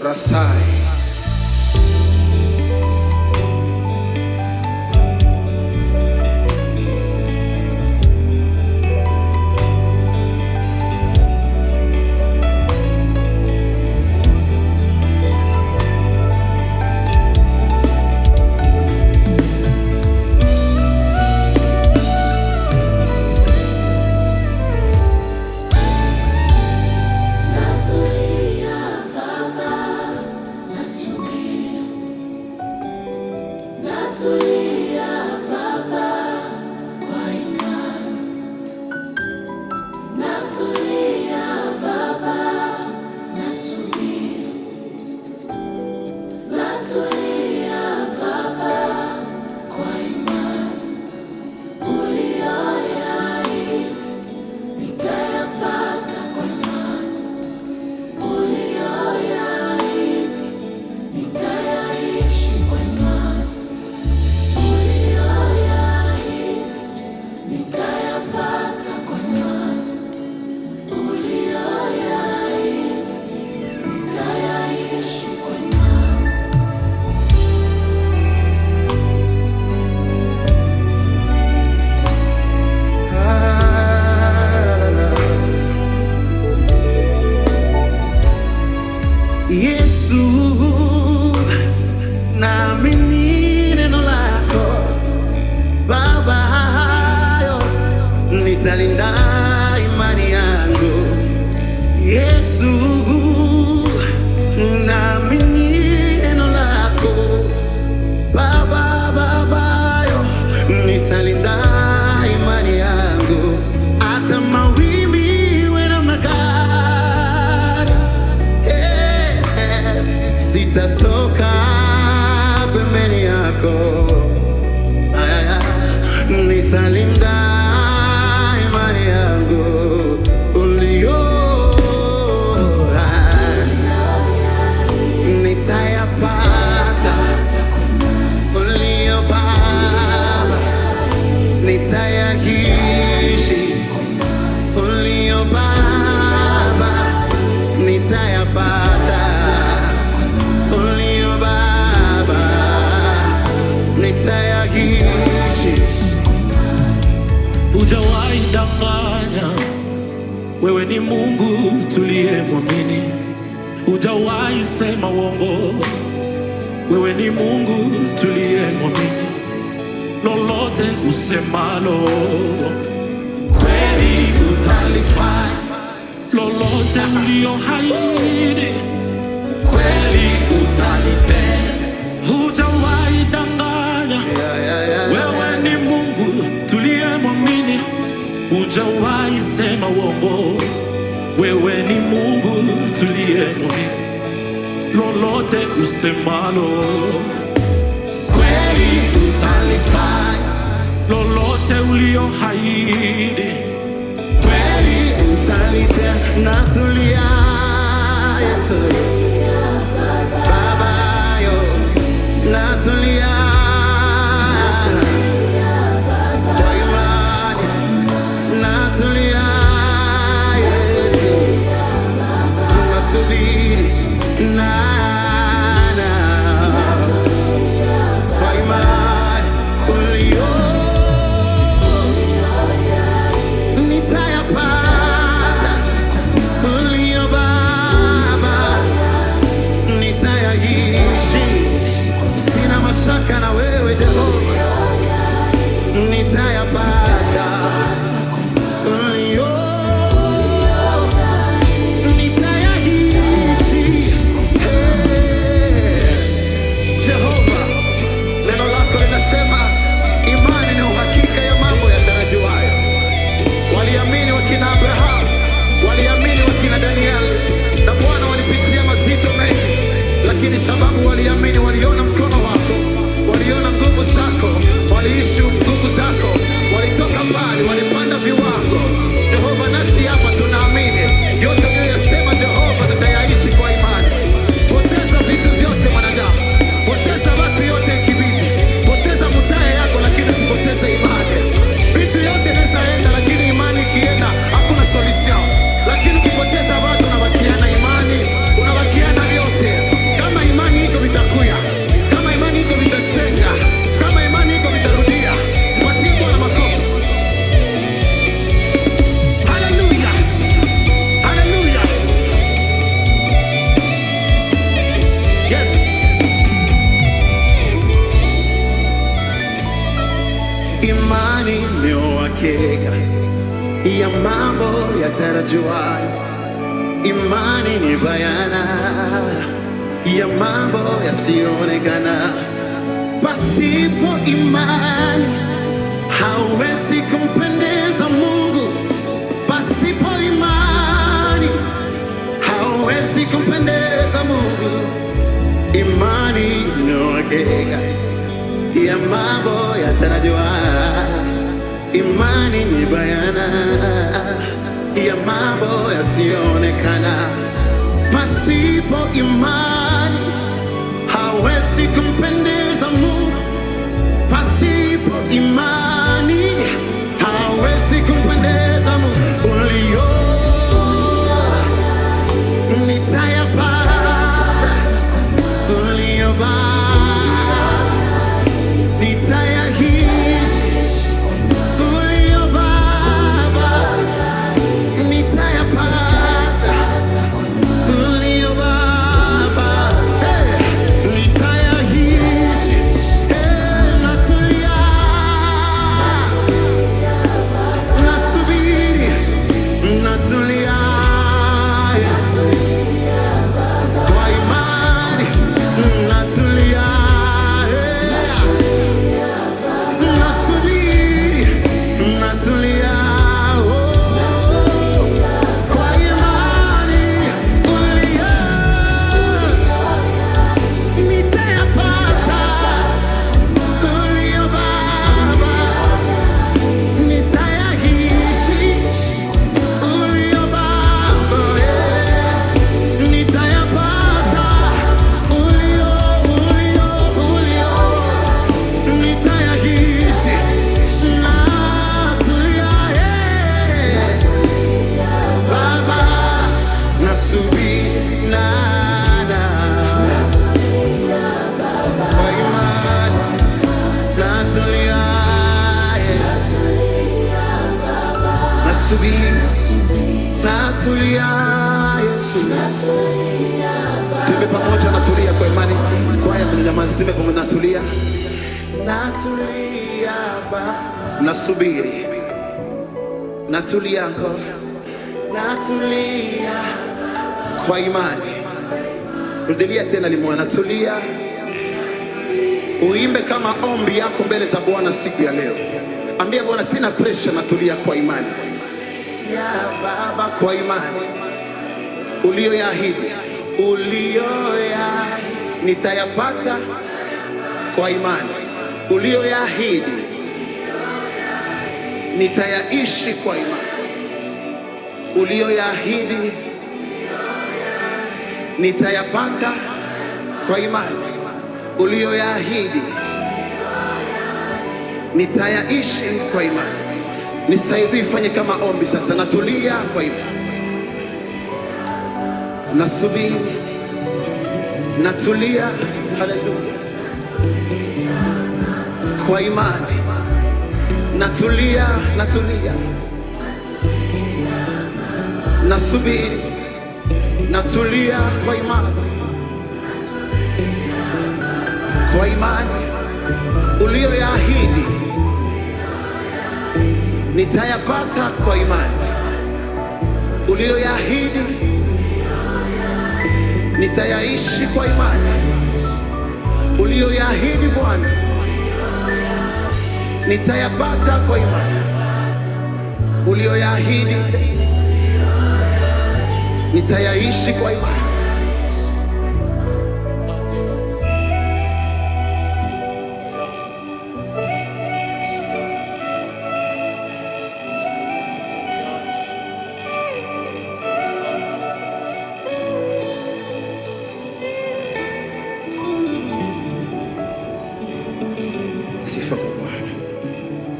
Rasai. kunidanganya. Wewe ni Mungu mwamini, hujawahi sema uongo. Wewe ni Mungu mwamini, lolote usemalo kweli utalifanya, lolote haidi kweli utalifanya kusema uongo. Wewe ni Mungu tuliye mwamini, lolote usemalo kweli utalifanya, lolote ulioahidi kweli utalitenda. Natulia Yesu. ya mambo yatarajiwayo, imani ni bayana ya mambo yasiyoonekana. Pasipo imani hauwezi kumpendeza Mungu, pasipo imani hauwezi kumpendeza Mungu. Imani ni uhakika ya mambo yatarajiwayo Imani ni bayana ya mambo yasiyoonekana. Pasipo imani hawezi kumpendeza Mungu. Pasipo imani hawezi kumpendeza Yesu. Tuimbe pamoja, natulia kwa imani. Kwaya tunanyamaza, tuimbe pamoja, natulia. Natulia Baba, nasubiri. Natulia encore. Natulia kwa imani. Rudilia tena limwa, natulia. Uimbe kama ombi yako mbele za Bwana siku ya leo. Ambia Bwana, sina pressure, natulia kwa imani. Ya Baba, kwa imani uliyoyaahidi uliyoyaahidi nitayapata kwa imani, uliyoyaahidi nitayaishi kwa imani, uliyoyaahidi nitayapata kwa imani, uliyoyaahidi nitayaishi kwa imani. Nisaidie, ifanye kama ombi sasa, natulia kwa imani nasubiri, natulia. Haleluya, kwa imani natulia, natulia, nasubiri, natulia kwa imani, kwa imani uliyoyaahidi nitayapata, kwa imani uliyoyaahidi nitayaishi kwa imani uliyoyaahidi Bwana, nitayapata kwa imani uliyoyaahidi, nitayaishi kwa imani